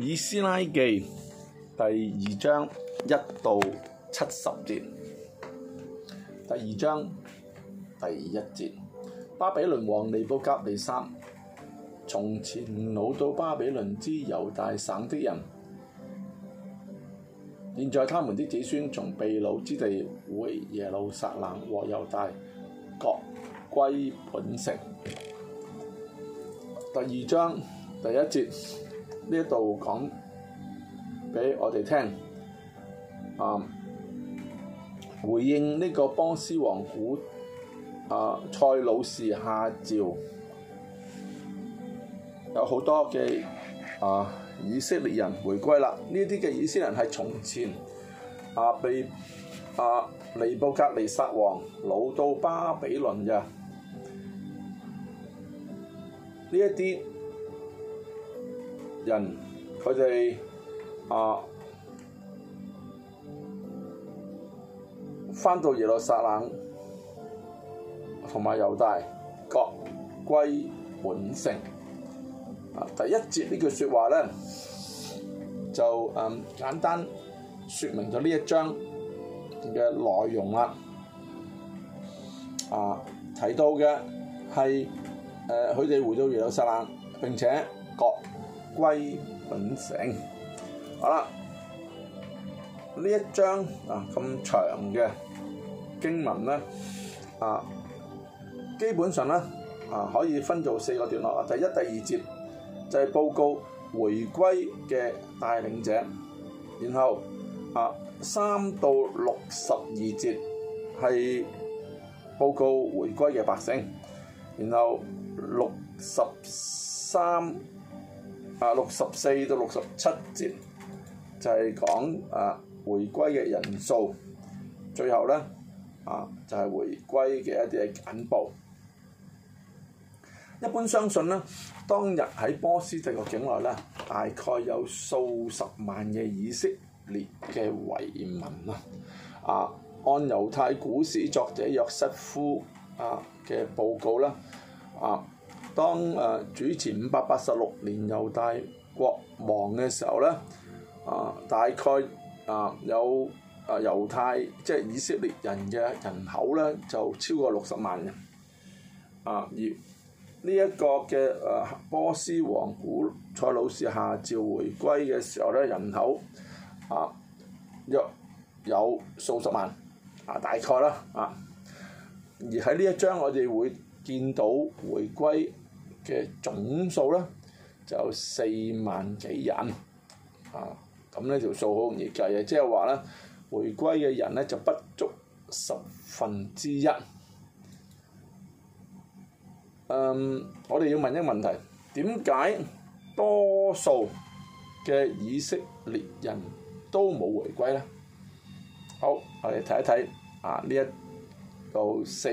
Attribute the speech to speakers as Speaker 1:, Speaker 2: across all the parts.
Speaker 1: 以斯拉記第二章一到七十節，第二章第一節，巴比倫王尼布甲尼撒從前擄到巴比倫之猶大省的人，現在他們的子孫從被擄之地回耶路撒冷和猶大，各歸本城。第二章第一節。呢度講畀我哋聽，啊，回應呢個波斯王古啊塞魯士下詔，有好多嘅啊以色列人回歸啦。呢啲嘅以色列人係從前啊被啊尼布甲尼撒王擄到巴比倫嘅。呢一啲。人佢哋啊，翻到耶路撒冷同埋猶大各歸本城啊。第一節呢句説話咧，就誒簡單説明咗呢一章嘅內容啦。啊，睇到嘅係誒，佢哋回到耶路撒冷並且各。歸本城，好啦，呢一章啊咁長嘅經文咧，啊基本上咧啊可以分做四個段落啊，第一、第二節就係報告回歸嘅帶領者，然後啊三到六十二節係報告回歸嘅百姓，然後六十三。就是、啊，六十四到六十七節就係講啊回歸嘅人數，最後咧啊就係、是、回歸嘅一啲嘅簡報。一般相信呢當日喺波斯帝個境內咧，大概有數十萬嘅以色列嘅遺民啦。啊，按猶太古史作者約瑟夫啊嘅報告咧，啊。當誒主前五百八十六年猶大國亡嘅時候咧，啊大概啊有啊猶太即係、就是、以色列人嘅人口咧就超過六十萬人，啊而呢一個嘅誒波斯王古賽魯士下詔回歸嘅時候咧，人口啊約有數十萬啊大概啦啊，而喺呢一章我哋會見到回歸嘅總數咧就有四萬幾人啊，咁咧條數好容易計嘅，即係話咧回歸嘅人咧就不足十分之一。嗯，我哋要問一個問題，點解多數嘅以色列人都冇回歸咧？好，我哋睇一睇啊，呢一到四。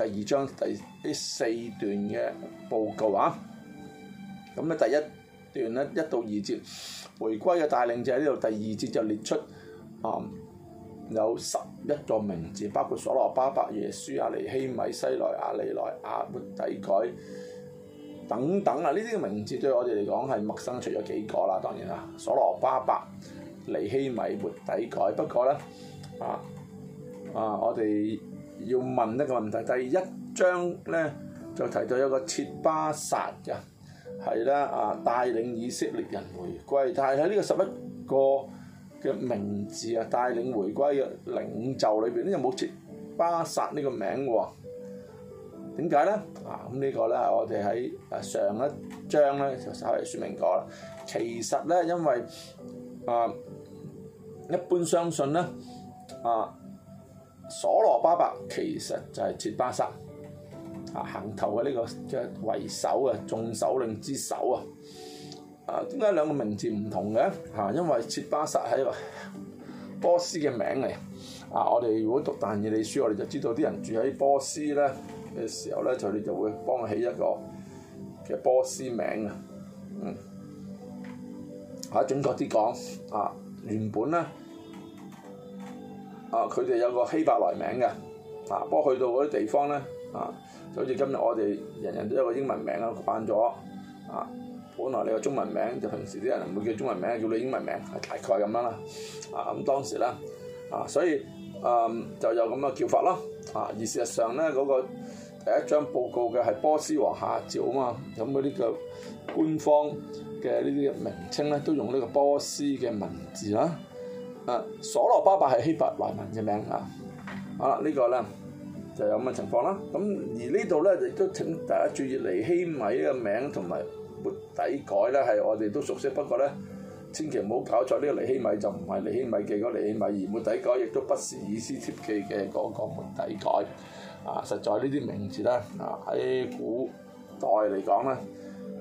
Speaker 1: 第二章第啲四段嘅報告啊，咁咧第一段咧一到二節，回歸嘅帶領者喺呢度，第二節就列出啊、嗯、有十一個名字，包括所羅巴伯耶、耶、啊、書、亞尼希米、西萊、亞利萊亞、亞末、底改等等啦。呢啲嘅名字對我哋嚟講係陌生，除咗幾個啦，當然啦，所、啊、羅巴伯、尼希米、末底改。不過咧，啊啊，啊我哋。要問一個問題，第一章咧就提到有個切巴殺人，係啦啊，帶領以色列人回歸，但係喺呢個十一個嘅名字啊，帶領回歸嘅領袖裏邊呢就冇切巴殺呢個名喎，點解咧？啊，咁、這個、呢個咧，我哋喺啊上一章咧就稍微説明過啦。其實咧，因為啊，一般相信咧啊。所羅巴伯其實就係切巴薩啊，行頭嘅呢個嘅為首嘅眾首領之首啊！啊，點解兩個名字唔同嘅？嚇、啊，因為切巴薩係一個波斯嘅名嚟啊！我哋如果讀但以理書，我哋就知道啲人住喺波斯咧嘅時候咧，就你就會幫佢起一個嘅波斯名嘅。嗯，嚇、啊，準確啲講啊，原本咧。啊！佢哋有個希伯來名嘅，啊，不過去到嗰啲地方咧，啊，就好似今日我哋人人都有個英文名啊，慣咗，啊，本來你個中文名就平時啲人唔會叫中文名，叫你英文名，係大概咁樣啦，啊，咁當時咧，啊，所以，誒、嗯，就有咁嘅叫法咯，啊，而事實上咧，嗰、那個第一張報告嘅係波斯王下詔啊嘛，咁嗰啲叫官方嘅呢啲名稱咧，都用呢個波斯嘅文字啦。啊，所羅巴伯係希伯來文嘅名啊，好啦，這個、呢個咧就有咁嘅情況啦。咁而呢度咧亦都請大家注意尼希米嘅名同埋末底改咧，係我哋都熟悉。不過咧，千祈唔好搞錯呢、這個尼希米就唔係尼希米記嗰個尼希米，而末底改亦都不是以斯帖記嘅嗰個末底改。啊，實在呢啲名字咧，啊喺古代嚟講咧，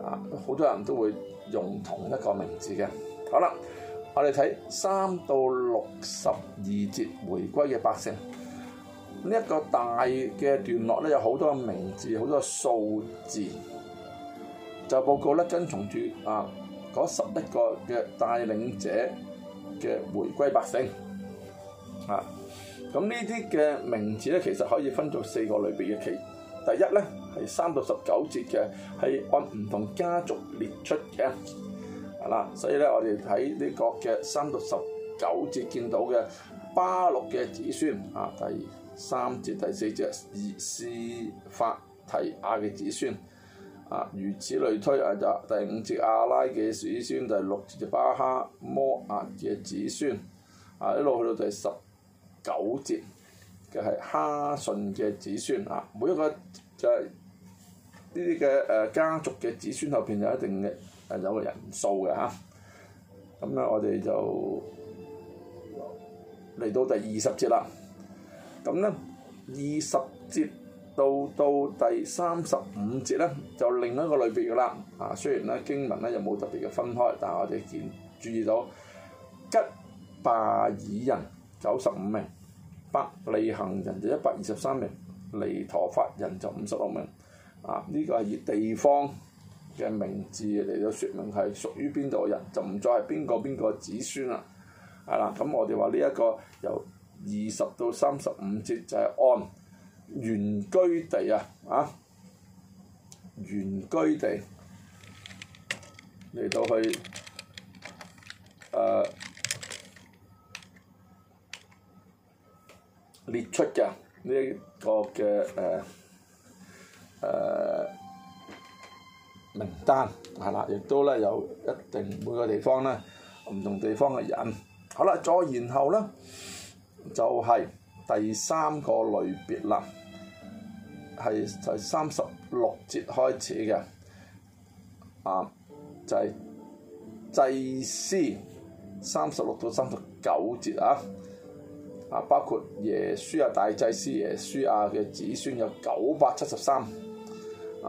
Speaker 1: 啊好多人都會用同一個名字嘅。好啦。我哋睇三到六十二節回歸嘅百姓，呢一個大嘅段落咧，有好多名字，好多數字，就報告咧跟從住啊嗰十一個嘅帶領者嘅回歸百姓啊，咁呢啲嘅名字咧，其實可以分做四個類別嘅期。第一咧係三到十九節嘅，係按唔同家族列出嘅。係啦、嗯，所以咧，我哋睇呢個嘅三到十九節見到嘅巴錄嘅子孫，啊第三節第四節以斯法提亞嘅子孫，啊如此類推，啊就第五節亞拉嘅子孫，第六節巴哈摩押、啊、嘅子孫，啊一路去到第十九節嘅係、就是、哈順嘅子孫，啊每一個就係呢啲嘅誒家族嘅子孫後邊就一定嘅。有個人數嘅嚇，咁、啊、咧我哋就嚟到第二十節啦。咁咧二十節到到第三十五節咧，就另一個類別嘅啦。啊，雖然咧經文咧又冇特別嘅分開，但係我哋見注意到，基巴珥人九十五名，伯利恆人就一百二十三名，尼陀法人就五十六名。啊，呢個係以地方。嘅名字嚟到説明係屬於邊度嘅人，就唔再係邊個邊個子孫啦，係啦，咁我哋話呢一個由二十到三十五節就係按原居地啊，啊，原居地嚟到去誒、呃、列出嘅呢一個嘅誒誒。呃呃名單係啦，亦都咧有一定每個地方咧唔同地方嘅人，好啦，再然後咧就係、是、第三個類別啦，係就係、是、三十六節開始嘅，啊就係、是、祭司，三十六到三十九節啊，啊包括耶書亞、啊、大祭司耶書亞嘅子孫有九百七十三。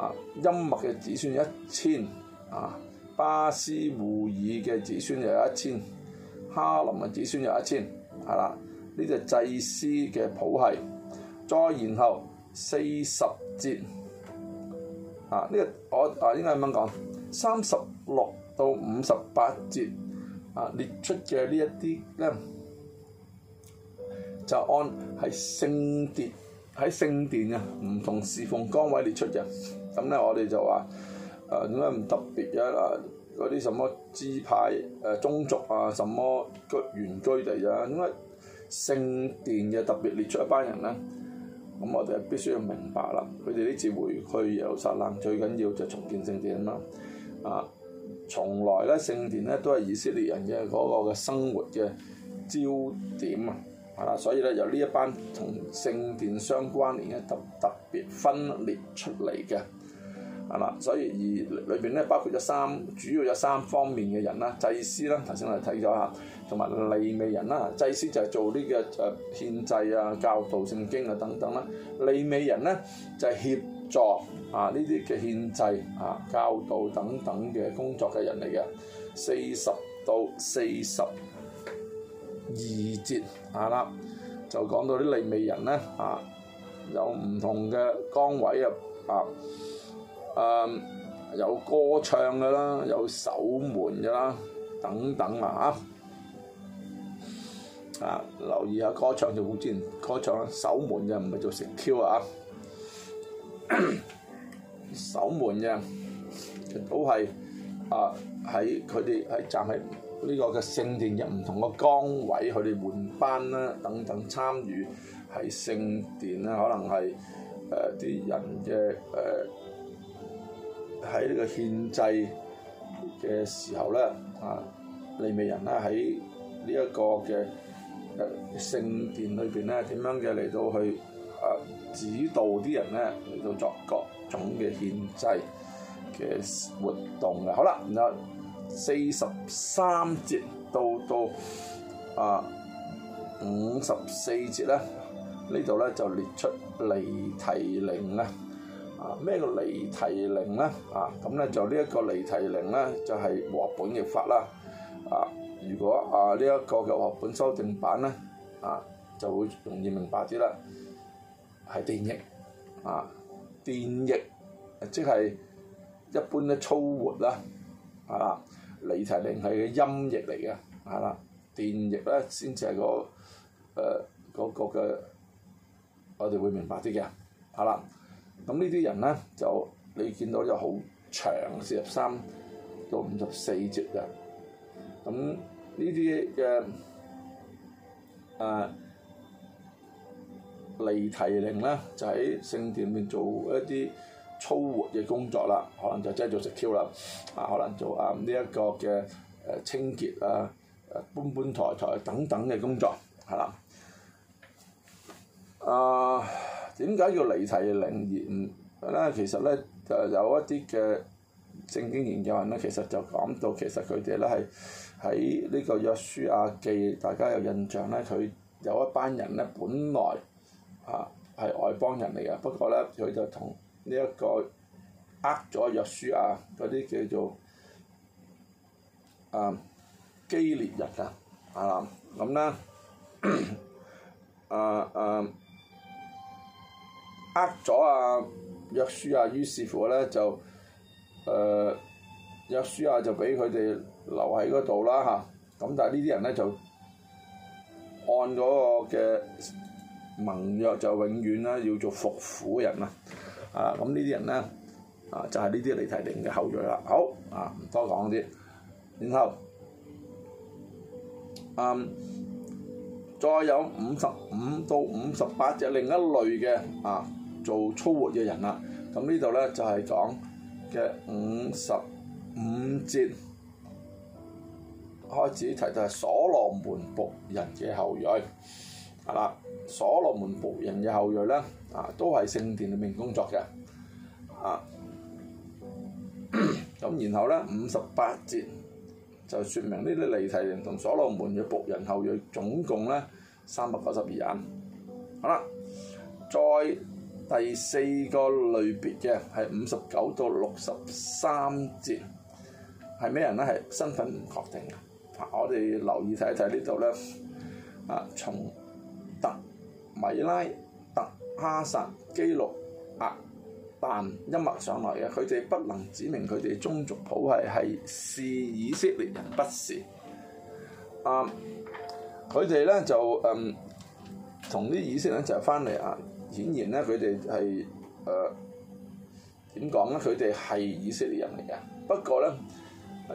Speaker 1: 啊，音麥嘅子孫一千，啊，巴斯胡爾嘅子孫又有一千，哈林嘅子孫又一千，係啦，呢就係祭司嘅譜系，再然後四十節，啊，呢、這個我啊應該噉樣講，三十六到五十八節啊，列出嘅呢一啲咧，就按係聖殿喺聖殿啊，唔同侍奉崗位列出嘅。咁咧，我哋就話誒點解唔特別嘅啦？嗰啲什麼支派誒宗族啊，什麼居原居地啊？點解聖殿嘅特別列出一班人咧？咁、嗯、我哋必須要明白啦，佢哋呢次回去耶路撒冷最緊要就重建聖殿啦。啊，從來咧聖殿咧都係以色列人嘅嗰個嘅生活嘅焦點啊，係啦，所以咧由呢一班同聖殿相關連嘅特特別分裂出嚟嘅。係啦，所以而裏邊咧包括咗三，主要有三方面嘅人啦，祭司啦，頭先我哋睇咗下，同埋利未人啦。祭司就係做呢個誒獻祭啊、教導聖經啊等等啦。利未人咧就係協助啊呢啲嘅獻祭啊、教導等等嘅工作嘅人嚟嘅。四十到四十二節啊啦，就講到啲利未人咧啊，有唔同嘅崗位啊，啊。誒有歌唱嘅啦，有守門嘅啦，等等啊！嚇啊，留意下歌唱就好啲。歌唱守門嘅唔係做食 Q 啊。守門嘅都係啊，喺佢哋喺站喺呢個嘅聖殿入唔同嘅崗位，佢哋換班啦，等等參與喺聖殿咧，可能係誒啲人嘅誒。喺呢個獻祭嘅時候咧，啊利未人咧喺呢一個嘅、呃、聖殿裏邊咧，點樣嘅嚟到去啊、呃、指導啲人咧嚟到作各種嘅獻祭嘅活動嘅。好啦，然後四十三節到到啊五十四節咧，呃、節呢度咧就列出利提寧咧。啊！咩叫離提零咧？啊咁咧就呢一個離提零咧，就係、是、和本譯法啦。啊，如果啊呢一、這個嘅和本修正版咧，啊就會容易明白啲啦。係電譯啊，電譯即係一般嘅粗活啦。啊，離提零係嘅音譯嚟嘅，係、啊、啦。電譯咧先至係嗰誒嗰個嘅、呃那個，我哋會明白啲嘅，係、啊、啦。咁呢啲人咧就你見到就好長，四十三到五十四節嘅。咁呢啲嘅啊離提令啦，就喺聖殿入面做一啲粗活嘅工作啦，可能就即係做食挑啦，啊可能做啊呢一個嘅誒清潔啊、搬搬抬抬等等嘅工作，係啦，啊、呃。點解叫尼提寧人咧？其實咧就有一啲嘅正經研究人咧，其實就講到其實佢哋咧係喺呢個約書亞記，大家有印象咧，佢有一班人咧本來啊係外邦人嚟嘅，不過咧佢就同呢一個呃咗約書亞嗰啲叫做啊基列人啊，係咁咧啊啊。 呃咗啊約書亞，於是乎咧就誒、呃、約書亞，就俾佢哋留喺嗰度啦嚇。咁、啊、但係呢啲人咧就按嗰個嘅盟約就永遠咧要做服苦人啦、啊。啊咁、嗯、呢啲人咧啊就係呢啲尼提寧嘅後裔啦。好啊，唔多講啲，然後啊再有五十五到五十八隻另一類嘅啊。做粗活嘅人啦，咁呢度咧就係講嘅五十五節開始提到係所羅門僕人嘅後裔，係啦。所羅門僕人嘅後裔咧，啊都係聖殿裏面工作嘅，啊咁 然後咧五十八節就説明呢啲離題人同所羅門嘅僕人後裔總共咧三百九十二人，好啦，再。第四個類別嘅係五十九到六十三節，係咩人咧？係身份唔確定嘅、啊。我哋留意睇一睇呢度咧，啊，從特米拉、特哈薩、基洛亞但音脈上來嘅，佢哋不能指明佢哋宗族譜系係是以色列人，不是。啊，佢哋咧就嗯同啲以色列人就翻嚟啊。顯然咧，佢哋係誒點講咧？佢哋係以色列人嚟嘅，不過咧，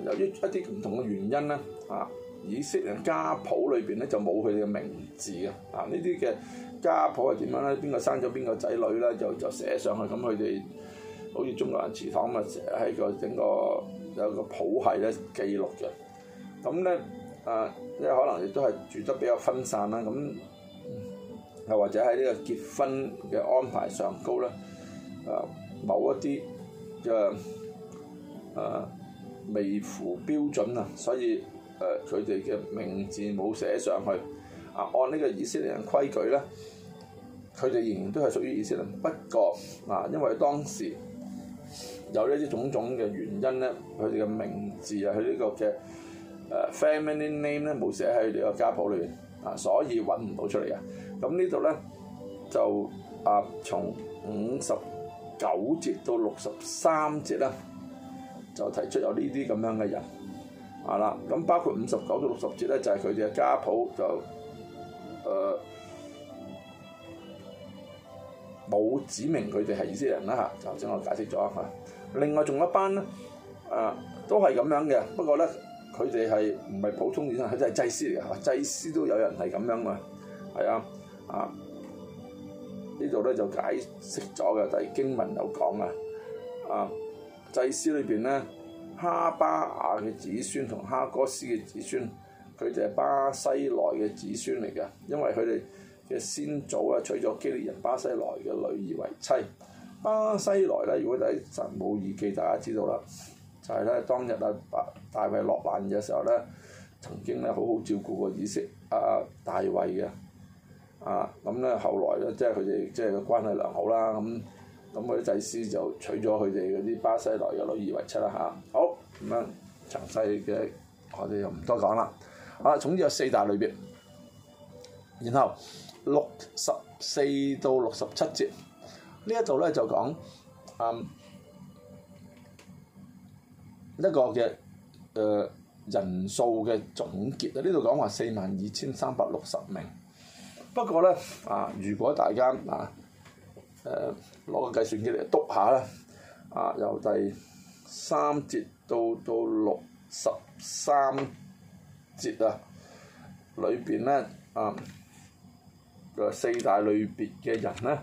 Speaker 1: 由於一啲唔同嘅原因咧，啊，以色列人家譜裏邊咧就冇佢哋嘅名字嘅，啊，呢啲嘅家譜係點樣咧？邊個生咗邊個仔女咧？就就寫上去，咁佢哋好似中國人祠堂咁啊，成日喺個整個有個譜系咧記錄嘅。咁咧誒，因為可能亦都係住得比較分散啦，咁。又或者喺呢個結婚嘅安排上高咧，誒、呃、某一啲嘅誒未符標準啊，所以誒佢哋嘅名字冇寫上去。啊，按呢個以色列人規矩咧，佢哋仍然都係屬於以色列。不過啊、呃，因為當時有呢啲種種嘅原因咧，佢哋嘅名字啊，佢呢、這個嘅誒 family name 咧冇寫喺佢哋個家譜裏面啊、呃，所以揾唔到出嚟啊。咁呢度咧就啊，從五十九節到六十三節咧，就提出有這這呢啲咁樣嘅人，係啦，咁包括五十九到六十節咧，就係佢哋嘅家譜就誒冇指明佢哋係呢啲人啦吓，頭先我解釋咗啊。另外仲一班咧啊，都係咁樣嘅，不過咧佢哋係唔係普通以色列人，係祭司嚟嘅，啊，祭司都有人係咁樣嘅，係啊。啊！呢度咧就解釋咗嘅，就係經文有講啊！啊，祭司裏邊咧，哈巴雅嘅子孫同哈哥斯嘅子孫，佢哋係巴西萊嘅子孫嚟嘅，因為佢哋嘅先祖啊娶咗基列人巴西萊嘅女兒為妻。巴西萊咧，如果大家冇記，大家知道啦，就係、是、咧當日阿大衛落難嘅時候咧，曾經咧好好照顧過以色列大衛嘅。啊，咁咧後來咧，即係佢哋即係關係良好啦，咁咁佢啲祭司就娶咗佢哋嗰啲巴西萊嘅女兒為妻啦嚇。好，咁樣詳細嘅我哋就唔多講啦。好、啊、啦，總之有四大類別。然後六十四到六十七節呢一度咧就講誒、嗯、一個嘅誒、呃、人數嘅總結啦。呢度講話四萬二千三百六十名。不過咧，啊！如果大家、呃呃、到到啊，誒攞個計算機嚟督下咧，啊由第三節到到六十三節啊，裏邊咧啊四大類別嘅人咧，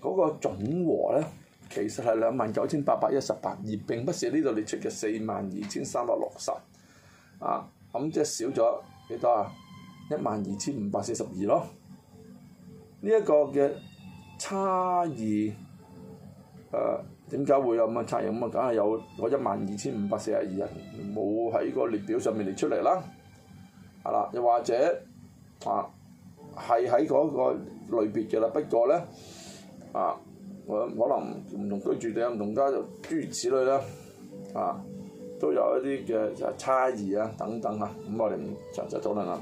Speaker 1: 嗰、那個總和咧其實係兩萬九千八百一十八，而並不是呢度列出嘅四萬二千三百六十，啊，咁、嗯、即係少咗幾多啊？一萬二千五百四十二咯，呢一個嘅差異，誒點解會有咁嘅差異？咁啊，梗係有嗰一萬二千五百四十二人冇喺個列表上面列出嚟啦，係啦，又或者啊，係喺嗰個類別嘅啦。不過咧啊，我可能唔同居住地、唔同家諸如此類啦，啊，都有一啲嘅誒差異啊等等啊，咁我哋就詳細討論啦。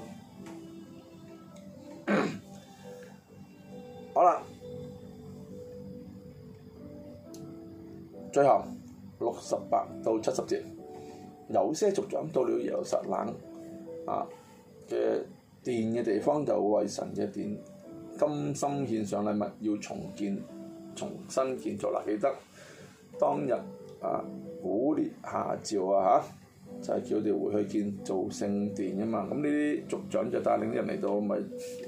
Speaker 1: 最後六十八到七十節，有些族長到了耶路撒冷啊嘅殿嘅地方，就為神嘅殿甘心獻上禮物，要重建、重新建造啦。記得當日啊，古列下詔啊吓就係、是、叫我哋回去建造聖殿噶嘛。咁呢啲族長就帶領啲人嚟到，咪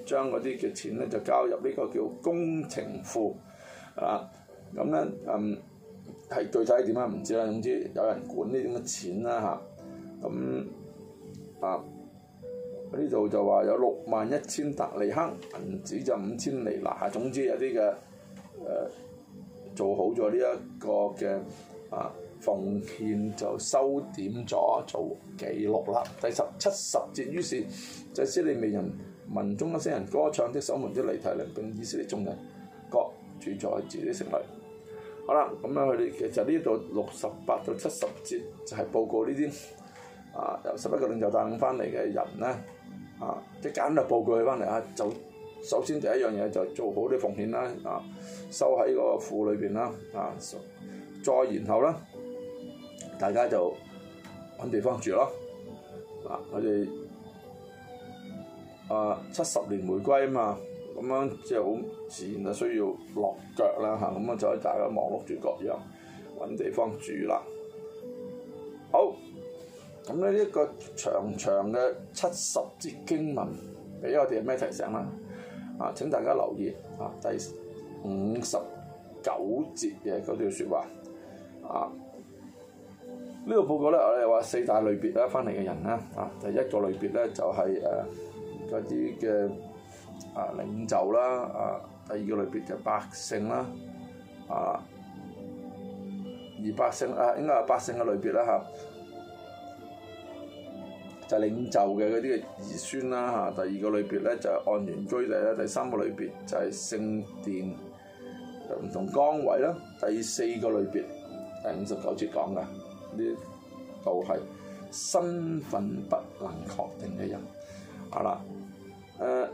Speaker 1: 將嗰啲嘅錢咧就交入呢個叫工程庫啊。咁咧嗯。係具體點、嗯、啊？唔知啦，總之有人管呢啲咁嘅錢啦吓，咁啊呢度就話有六萬一千達利克銀子就五千尼拿嚇，總之有啲嘅誒做好咗呢一個嘅啊奉獻就收點咗做記錄啦。第十七十節，於是就係祭司利未人、民中一些人歌唱的守門的尼提寧，並以色列眾人各住在自己城裏。好啦，咁樣佢哋其實呢度六十八到七十節就係、是、報告呢啲啊由十一個領袖帶領翻嚟嘅人咧啊，即係揀報告佢翻嚟啊。就、是、就首先第一樣嘢就做好啲奉獻啦啊，收喺個庫裏邊啦啊，再然後咧，大家就揾地方住咯啊，我哋啊七十年回歸啊嘛。咁樣即係好自然就需要落腳啦嚇，咁啊就喺大家忙碌住各樣揾地方住啦。好，咁咧呢個長長嘅七十節經文俾我哋有咩提醒咧？啊，請大家留意啊，第五十九節嘅嗰條說話啊，呢個報告咧，我哋話四大類別咧翻嚟嘅人啦，啊，第一個類別咧就係誒啲嘅。啊啊，領袖啦，啊，第二個類別就係百姓啦，啊，而百姓啊，應該係百姓嘅類別啦，嚇、啊，就係、是、領袖嘅嗰啲嘅兒孫啦，嚇、啊，第二個類別咧就係按原居地咧，啊，第三個類別就係聖殿就唔同崗位啦，啊，第四個類別，第五十九節講嘅呢度係身份不能確定嘅人，好、啊、啦，誒、啊。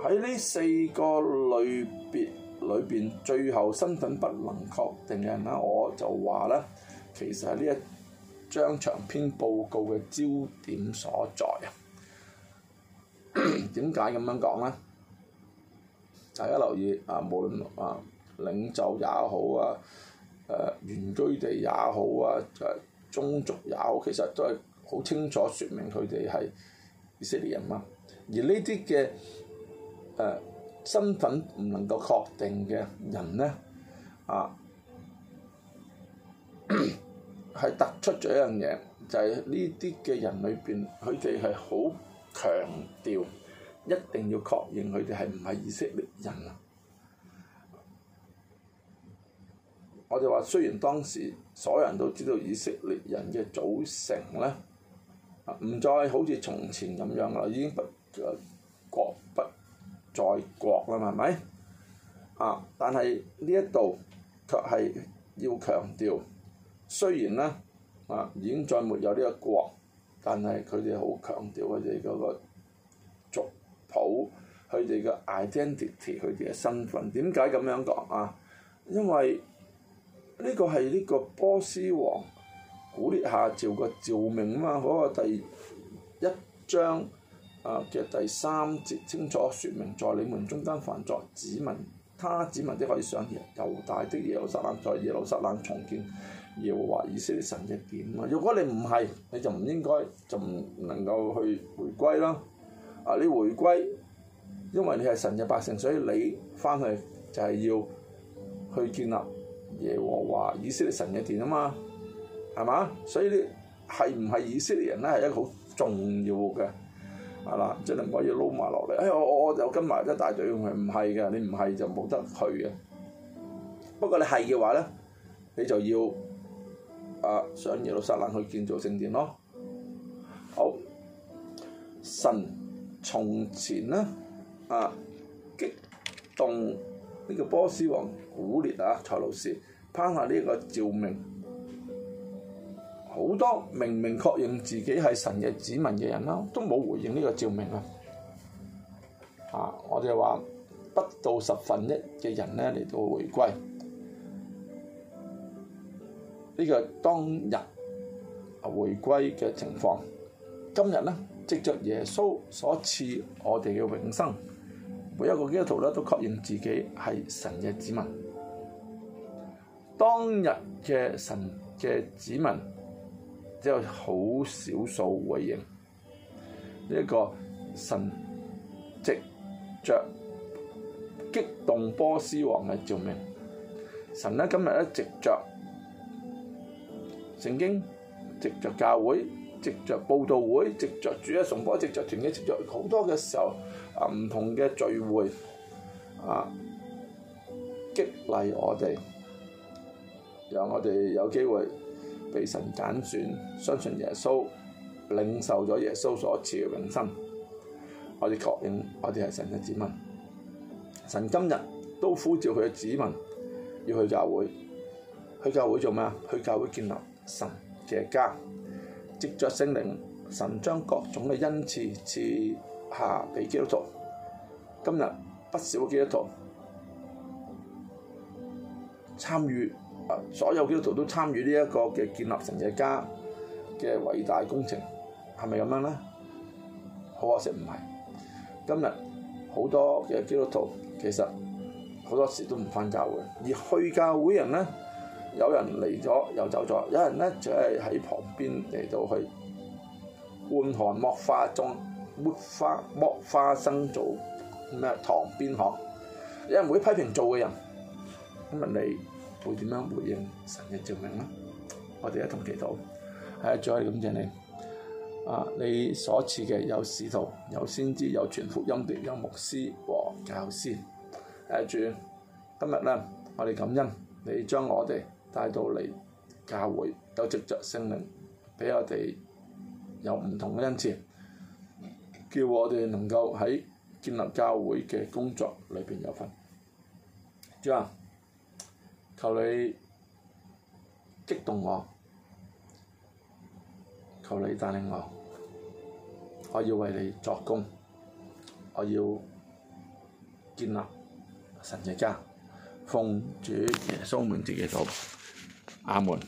Speaker 1: 喺呢四個類別裏邊，最後身份不能確定嘅人咧，我就話咧，其實係呢一張長篇報告嘅焦點所在啊！點解咁樣講咧？大家留意啊，無論啊領袖也好啊，誒原居地也好啊，誒宗族也好，其實都係好清楚説明佢哋係以色列人啊！而呢啲嘅。身份唔能夠確定嘅人呢，啊，係 突出咗一樣嘢，就係呢啲嘅人裏邊，佢哋係好強調一定要確認佢哋係唔係以色列人啊！我哋話雖然當時所有人都知道以色列人嘅組成呢，唔再好似從前咁樣啦，已經不覺不。在國啦嘛，係咪？啊！但係呢一度卻係要強調，雖然咧啊已經再沒有呢個國，但係佢哋好強調佢哋嗰個族譜，佢哋嘅 identity，佢哋嘅身份。點解咁樣講啊？因為呢個係呢個波斯王古列下詔個詔命啊嘛，嗰個第一章。啊！嘅第三節清楚説明，在你們中間凡作子民、他子民的可以上猶大的耶路撒冷，在耶路撒冷重建耶和華以色列神嘅殿啊！如果你唔係，你就唔應該就唔能夠去回歸啦。啊！你回歸，因為你係神嘅百姓，所以你翻去就係要去建立耶和華以色列神嘅殿啊嘛，係嘛？所以你係唔係以色列人咧，係一個好重要嘅。係啦、 嗯，即係唔可以撈埋落嚟。哎，我我我就跟埋一大隊，唔係嘅。你唔係就冇得去嘅。不過你係嘅話咧，你就要啊上耶路撒冷去建造聖殿咯。好，神從前咧啊激動呢個波斯王古列啊，塞魯士攀下呢個照明。好多明明確認自己係神嘅子民嘅人啦，都冇回應呢個召命啊！啊，我哋話不到十分一嘅人咧嚟到回歸呢個當日回歸嘅情況。今日咧，藉著耶穌所賜我哋嘅永生，每一個基督徒咧都確認自己係神嘅子民。當日嘅神嘅子民。即係好少數回應，呢、呢個神藉着激動波斯王嘅照明，神呢，今日呢，藉着聖經，藉着教會，藉着佈道會，藉着主嘅崇拜，藉着團契，藉着好多嘅時候啊，唔同嘅聚會啊，激勵我哋，讓我哋有機會。被神揀選，相信耶穌領受咗耶穌所賜嘅永生，我哋確認我哋係神嘅子民。神今日都呼召佢嘅子民要去教會，去教會做咩啊？去教會建立神嘅家，藉着聖靈，神將各種嘅恩賜賜下畀基督徒。今日不少基督徒參與。所有基督徒都參與呢一個嘅建立神嘅家嘅偉大工程，係咪咁樣咧？好可惜，唔係。今日好多嘅基督徒其實好多時都唔返教會嘅，而去教會人咧，有人嚟咗又走咗，有人咧就係、是、喺旁邊嚟到去換寒莫花種，沒花莫花生做咩？堂邊學，有人會批評做嘅人，咁問你。會點樣回應神嘅召命咧？我哋一同祈禱。誒、哎、主，我哋感謝你。啊，你所賜嘅有使徒，有先知，有傳福音的，有牧師和教師。誒、哎、主，今日咧，我哋感恩你將我哋帶到嚟教會，有藉著聖靈俾我哋有唔同嘅恩賜，叫我哋能夠喺建立教會嘅工作裏邊有份。主啊！求你激動我，求你帶領我，我要為你作工，我要建立神嘅家，奉主耶穌名字嘅禱告，阿門。